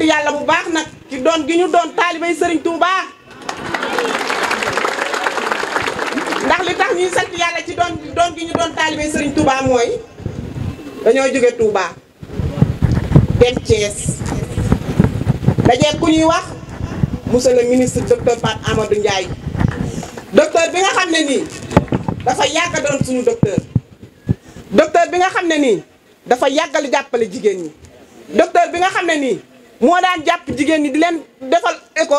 sant yàlla bu baax nag ci doon gi ñu doon taalibay sëriñ Touba ndax li tax ci doon doon gi ñu doon taalibay sëriñ Touba mooy dañoo jóge Touba dem Thiès ku ñuy wax monsieur le ministre docteur Pape Amadou njaay docteur bi nga xam ne nii dafa yàgg doon suñu docteur docteur bi nga xam ne nii dafa yàggal jàppale jigéen ñi docteur bi nga xam ne nii moo daan jàpp jigéen ñi di leen defal éco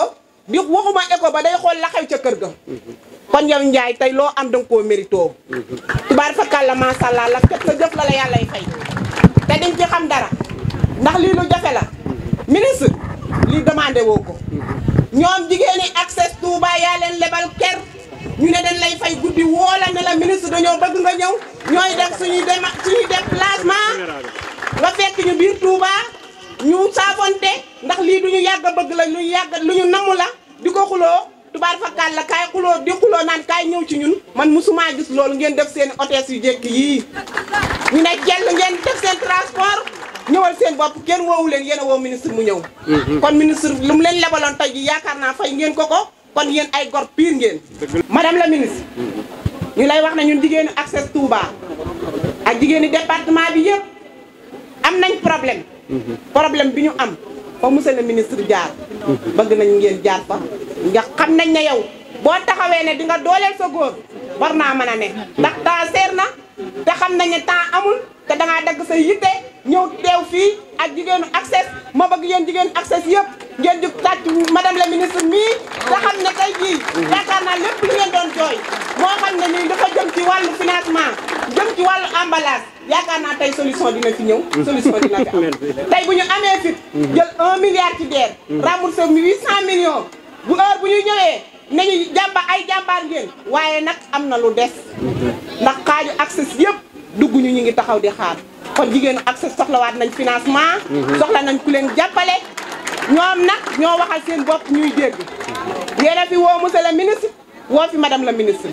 di waxuma éco ba day xool la xew ca kër ga. kon yow Ndiaye tey loo am danga koo mérito. tubaar fakalla macha allah la képp nga jëf la la yàlla fay. te dañ ci xam dara ndax lii lu jafe la ministre lii demandé woo ko ñoom jigéen ñi accès Touba yaa leen lebal ker ñu ne dañ lay fay guddi woo la ne la ministre dañoo bëgg nga ñëw ñooy def suñuy dem suñuy déplacement nga fekk ñu biir Touba. saafonte ndax lii duñu yàgg a bëgg la lu ñu yàgg lu ñu namu la di ko xuloo tubaar fakkaat la kaay xuloo di xuloo naan kaay ñëw ci ñun man mosumaa gis loolu ngeen def seen hôtesse yu jékki yii ñu ne jell ngeen def seen transport ñëwal seen bopp kenn woowu leen yéen woo ministre mu ñëw mm-hmm. kon ministre lu mu leen lebaloon tey ji yaakaar naa fay ngeen ko ko kon yéen ay gor pire ngeen madame la ministre mm-hmm. ñu lay wax na ñun jigéenu accès Touba ak jigéenu departement bi yëpp am nañ problème problème bi ñu am fa monsieur le ministre jaar bëgg nañ ngeen jaar fa nga xam nañ ne yow boo taxawee ne di nga dooleel sa góor war naa mën a ne ndax temps seer na te xam nañ ne temps amul te dangaa dagg sa yitte ñëw teew fii ak jigéenu accès ma bëgg yéen jigéenu accès yëpp ngeen jug tàcc madame la ministre mii te xam ne tey jii yaakaar naa lépp li ngeen doon jooy moo xam ne nii dafa jëm ci wàllu financement ci wàllu yaakaar naa tey solution dina fi ñëw solution dina fi am tey bu ñu amee fit mhm. jël un milliard ci DER mhm. remboursé mi huit cent millions bu heure bu ñuy ñëwee nañu jàmba ay jàmbaar ngeen waaye nag am na lu des mhm. ndax xaaju accès yëpp dugg ñu ñu ngi taxaw di xaar kon jigéenu accès soxlawaat nañ financement soxla nañ ku leen jàppale ñoom nag ñoo waxal seen bopp ñuy dégg yéena fi woo monsieur le ministre woo fi madame la ministre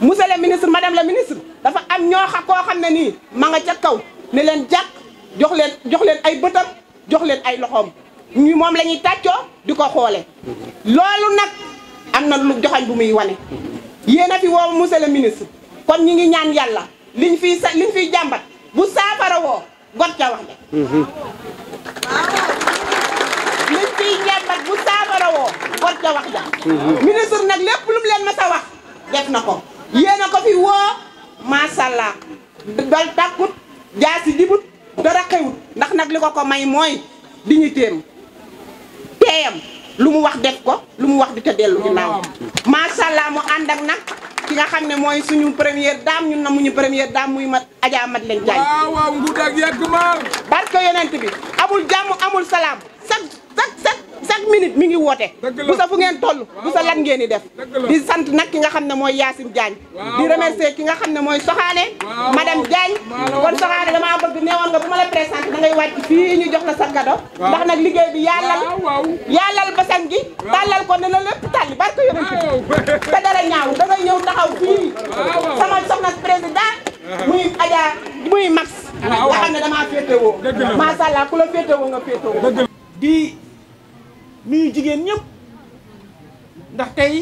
monsieur le ministre madame la ministre dafa am ñoo xa koo xam ne nii ma nga ca kaw ni leen jàkk jox leen jox leen ay bëtam jox leen ay loxoom ñu moom la ñuy tàccoo di ko xoole loolu nag am na lu joxañ bu muy wane yéen a fi woowu mu le ministre kon ñu ngi ñaan yàlla liñ fiy sa liñ fiy jàmbat bu saafara woo got ca wax mhm. mhm. ministre nag lépp lu leen mas a wax def na ko yéen a ko fi woo maasàllaa dal tàkkut jaasi jibut dara xewut ndax nag li ko ko may mooy dignitéem teeyam lu mu wax def ko lu mu wax di te dellu ginnaaw maasàllaa mu ànd ak na ki nga xam ne mooy suñu première dame ñun na muñu première dame muy ma Adja Madeleine Diagne waaw waaw nguut ak yegg maar barke yonent bi amul jàmm amul salaam minute mi ngi woote bu sa fu ngeen bu sa lan ngeen di def di sant nag ki nga xam ne mooy Yacine Diagne di remercier ki nga xam ne mooy Soxaane madame Diagne kon Soxaane damaa bëgg neewoon nga bu ma la présenté da ngay wàcc fii ñu jox la sa kado ndax nag liggéey bi yàllal yàllal basan gi tàllal ko ne la lépp tàlli barke yonent te dara ñaaw da ngay ñëw taxaw fii sama soxna président uh-huh. muy Adja muy Max nga xam ne damaa féetewoo macha allah ku la féetewoo nga nuyu jigéen ñëpp ndax tey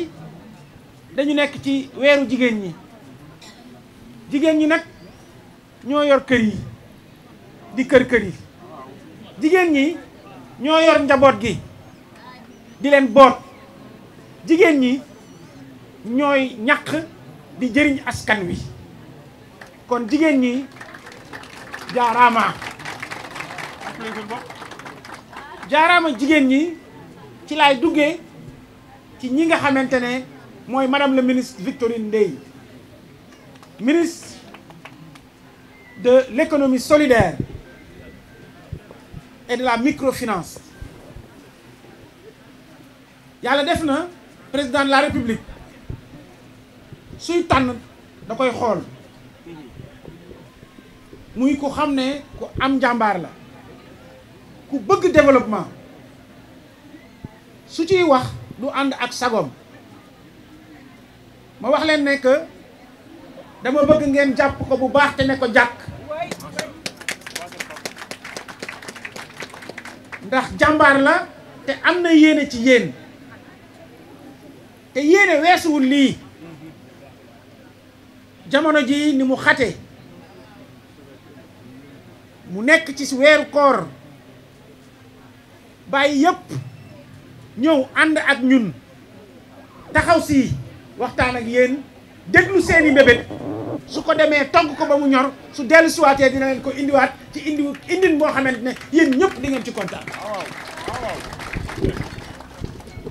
dañu nekk ci weeru jigéen ñi jigéen ñi nag ñoo yor kër yi di kër-kër yi jigéen ñi ñoo yor njaboot gi di leen boot jigéen ñi ñooy ñaq di jëriñ askan wi kon jigéen ñi jaaraama jaaraama jigéen ñi ci laay duggee ci ñi nga xamante ne mooy madame la ministre Victorine Ndeye ministre de l'économie solidaire et de la microfinance yàlla def na président de la république suy tànn da koy xool muy ko xam ne ku am njàmbaar la ku bëgg développement su ciy wax du ànd ak sagom ma wax leen ne que dama bëgg ngeen jàpp ko bu baax te ne ko jàkk ndax jàmbaar la te am na yéene ci yéen te yéene weesuwul lii jamono ji ni mu xate mu nekk ci weeru koor bàyyi yépp ñëw ànd ak ñun taxaw si waxtaan ak yéen déglu seeni mbébét su ko demee togg ko ba mu ñor su dellu siwaatee dina leen ko indiwaat ci indi indin boo xamante ne yéen ñëpp di ngeen ci kontaan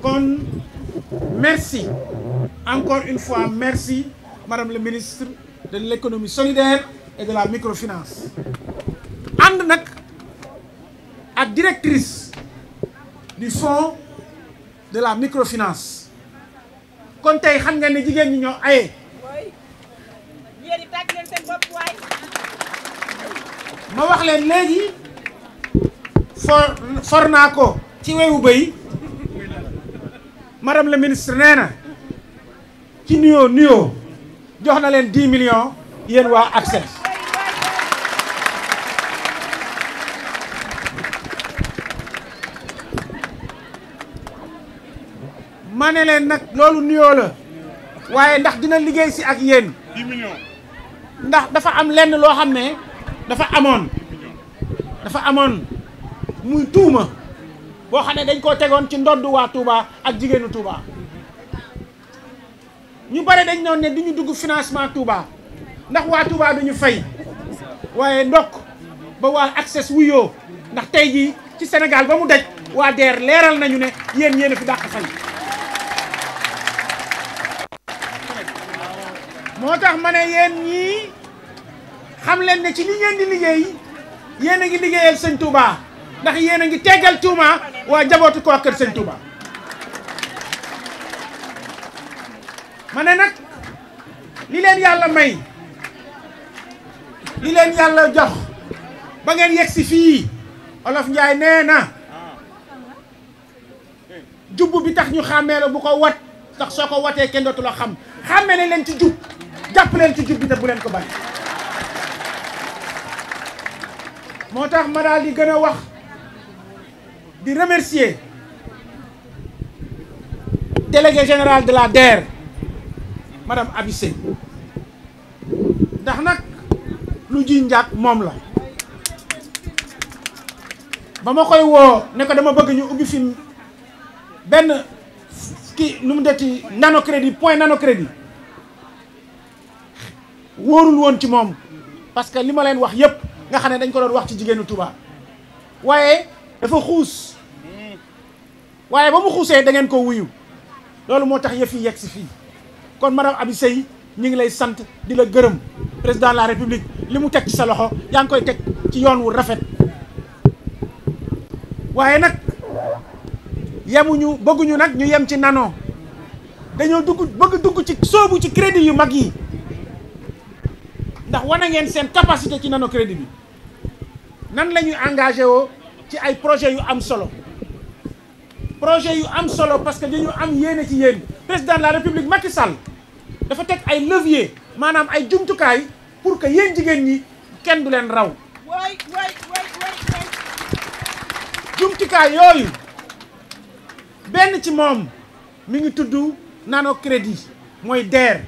kon merci encore une fois merci madame le ministre de l'économie solidaire et de la microfinance ànd nag ak directrice du fonds de la microfinance kon tey xam nga ne jigéen ñi ñoo aye ma wax leen léegi for for naa ko ci wewu bëy madame la ministre nee na ci nuyoo nuyoo jox na leen 10 million yéen waa accès ma leen nag loolu nuyoo la waaye ndax dina liggéey si ak yéen ndax dafa am lenn loo xam ne dafa amoon dafa amoon muy tuuma boo xam ne dañ koo tegoon ci ndoddu waa Touba ak jigéenu Touba ñu bare dañ noon ne duñu dugg financement Touba ndax waa Touba ñu fay waaye ndokk ba waa access wuyoo ndax tey jii ci Sénégal ba mu daj waa DER leeral nañu ne yéen yéen a fi dàq fay moo tax ma ne yéen ñii xam leen ne ci li ngeen di liggéey yéen a ngi liggéeyal sëñ Touba ndax yéen a ngi teggal Touba waa jabootu ko kër sëñ Touba. ma nag li leen yàlla may li leen yàlla jox ba ngeen yegg si fii olof Njaay nee na jubbu bi tax ñu xàmmee la bu ko wat ndax soo ko watee kenn dootu la xam xàmme ne leen ci jub. jàpp leen ci jub bi bu leen ko bañ moo tax ma daal di gën a wax di remercier délégué général de la DER madame Abissé ndax nag lu ji njàkk moom la ba ma koy woo ne ko dama bëgg ñu ubbi fi benn ki nu mu ci nano crédit point nano crédit wóorul woon ci moom parce que li ma leen wax yépp nga xam ne dañ ko doon wax ci jigéenu Touba waaye dafa xuus waaye ba mu xuusee da ngeen ko wuyu loolu moo tax yëf yi yegg si fii kon madame Abi Seye ñu ngi lay sant di la gërëm président la république li mu teg ci sa loxo yaa ngi koy teg ci yoon wu rafet waaye nag yemuñu bëgguñu nag ñu yem ci nanoo dañoo dugg bëgg dugg ci soobu ci crédit yu mag yi ndax wan a ngeen seen capacité ci nano crédit bi nan la ñuy engagé woo ci ay projet yu am solo projet yu am solo parce que dañu am yéene ci yéen président la république Macky Sall dafa teg ay levier maanaam ay jumtukaay pour que yéen jigéen ñi kenn du leen raw waay jumtukaay yooyu benn ci moom mu ngi tudd nano crédit mooy DER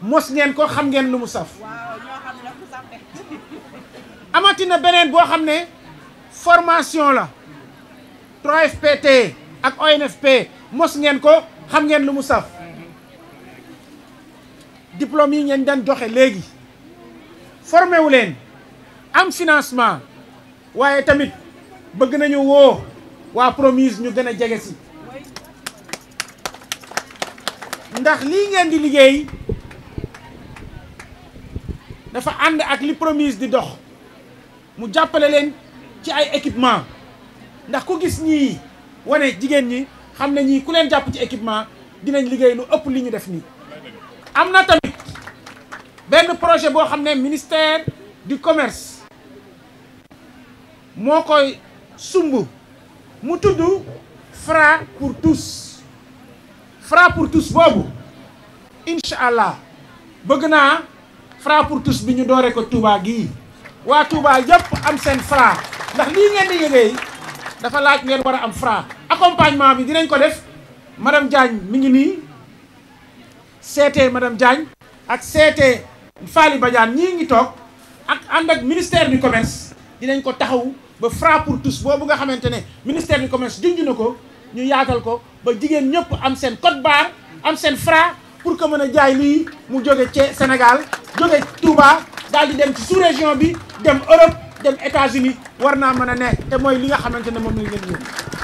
mos ngeen ko xam ngeen lu mu saf amati na beneen boo xam ne formation la 3FPT ak ONFP mos ngeen ko xam ngeen lu mu saf diplôme yi ngeen daan joxe léegi formé wu leen am financement waaye tamit bëgg nañu woo waa promise ñu gën a jege si ndax lii ngeen di liggéey dafa ànd ak li promise di dox mu jàppale leen ci ay équipement ndax ku gis ñii wane jigéen ñi xam ne ñii ku leen jàpp ci équipement dinañ liggéey lu ëpp li ñu def nii am na tamit benn projet boo xam ne ministère du commerce moo koy sumb mu tudd Fra pour tous Fra pour tous boobu incha allah bëgg naa Fra pour tous bi ñu dooree ko Touba gii waa Touba yëpp am seen Fra ndax lii ngeen di liggéey dafa laaj ngeen war a am Fra accompagnement bi dinañ ko def madame Diagne mi ngi nii seete madame Diagne ak seete Faly Badiane ñii ngi toog ak ànd ak ministère du commence dinañ ko taxaw ba Fra pour tous boobu nga xamante ne ministère du commerce junj na ko ñu yaatal ko ba jigéen ñëpp am seen code barre am seen Fra. pour que mën a jaay lii mu jóge ci Sénégal jóge Touba daal di dem ci sous région bi dem Europe dem États-Unis war naa mën a ne te mooy li nga xamante ne moom la ñu leen